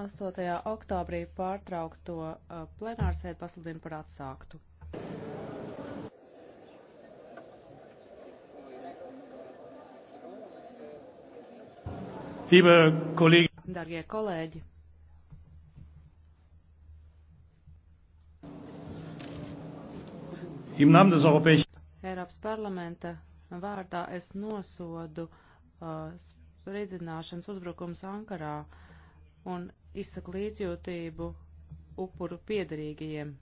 8. oktobrī pārtraukto uh, plenārsēdi pasludinu par atsāktu. Darbie kolēģi! Eiropas parlamenta vārdā es nosodu uh, spridzināšanas uzbrukums Ankarā. Uh, un izsaka līdzjūtību upuru piedarīgajiem.